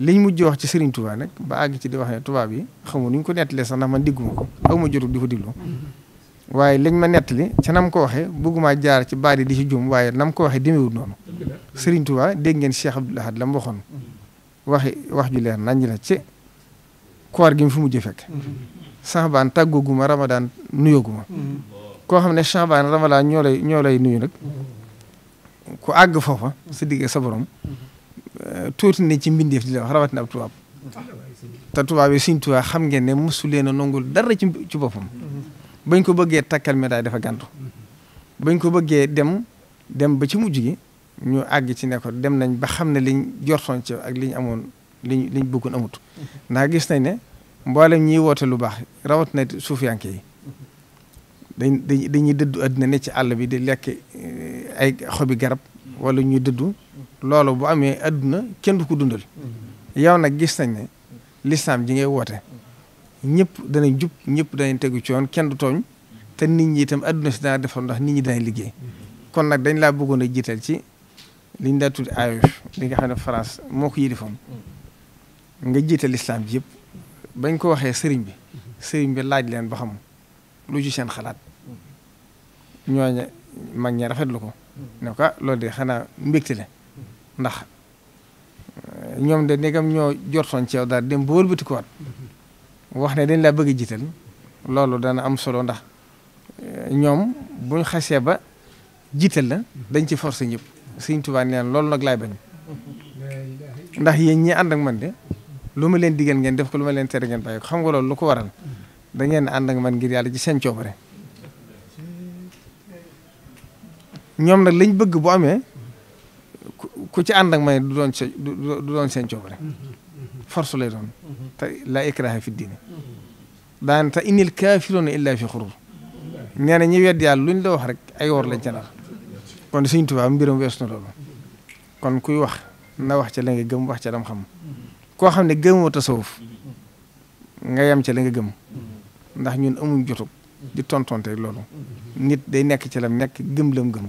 liñ mujj wax ci Serigne Touba nag ba àgg ci di wax ne tubaab yi xamul nu ñu ko nettalee sax ndax man digguma ko aw ma jotul di ko diglu waaye liñ ma nettali ca nam ko waxee bëgguma jaar ci baat yi di ci jum waaye nam ko waxee demewut noonu Serigne Touba dégg ngeen Cheikh Abdoul Ahad la mu waxi wax ju leer nañ la ci koor gi mu fi mujj fekk saxbaan tàggooguma ramadaan nuyooguma koo xam ne saxbaan ramadaan ñoo lay ñoo lay nuyu nag ku àgg foofa sa digg sa borom tuuti ne ci mbindeef di la wax rawatina ab tubaab te tubaab yi suñ tubaab xam ngeen ne mosu leen a nangul dara ci ci boppam bañ ko bëggee takkal médaille dafa gàntu bañ ko bëggee dem dem ba ci mujj gi ñu àgg ci ne dem nañ ba xam ne liñ jortoon ci ak liñ amoon liñ liñ bëggoon amut na gis nañ ne mboolem ñiy woote lu baax rawatina suufiyanke yi dañ dañuy dëddu addina ne ci àll bi di lekk eh, ay xobi garab wala ñuy dëddu loolu bu amee àdduna kenn du ko dundal mm-hmm. yow nag gis nañ ne lislaam ji ngay woote ñëpp danañ jub ñëpp danañ tegu ci yoon kenn du tooñ te nit ñi itam adduna si dana defar ndax nit ñi danañ liggéey mm-hmm. kon nag dañ laa bëggoon a jiital ci liñ ñu daa tudd AOF li nga xam ne France moo ko yilifoon mm-hmm. nga jiital lislaam ji yëpp bañ ko waxee sëriñ bi sëriñ bi laaj leen ba xam lu ci seen xalaat ñooña mag ñi rafetlu ko ne ah, loolu de xanaa mbégte la ndax eh, ñoom de ndegam ñoo jortoon ci yow daal dem ba wëlbatikuwaat mm-hmm. wax ne dañ laa bëgg a loolu dana am solo ndax eh, ñoom buñ xasee ba jiital la dañ ci forcé ñëpp Sëriñ Tuubaa nee loolu nag laay bañ ndax yéen ñi ànd ak man de lu ma leen digal ngeen def ko lu ma leen tere ngeen bàyyi ko xam nga loolu lu ko waral mm-hmm. da ànd ak man ngir yàlla ci seen coobare ñoom nag lañ bëgg bu amee. ku ci ànd ak may du doon du doon seen coobare mm-hmm. Mm-hmm. force lay doon mm-hmm. te laa ikraha fi diine daan te inil kaafiruuna illa fi xurur nee na ñi wedd yàlla luñ la wax rek ay wor lañ ca nar kon Sëñ Tuubaa mbiram wees na loolu kon kuy wax na wax ca la nga gëm wax ca dam xam koo xam ne gëmoo tasawuf nga yem ca la nga gëm ndax ñun amuñ jotug di tontonte loolu nit day nekk ci lam nekk gëm lam gëm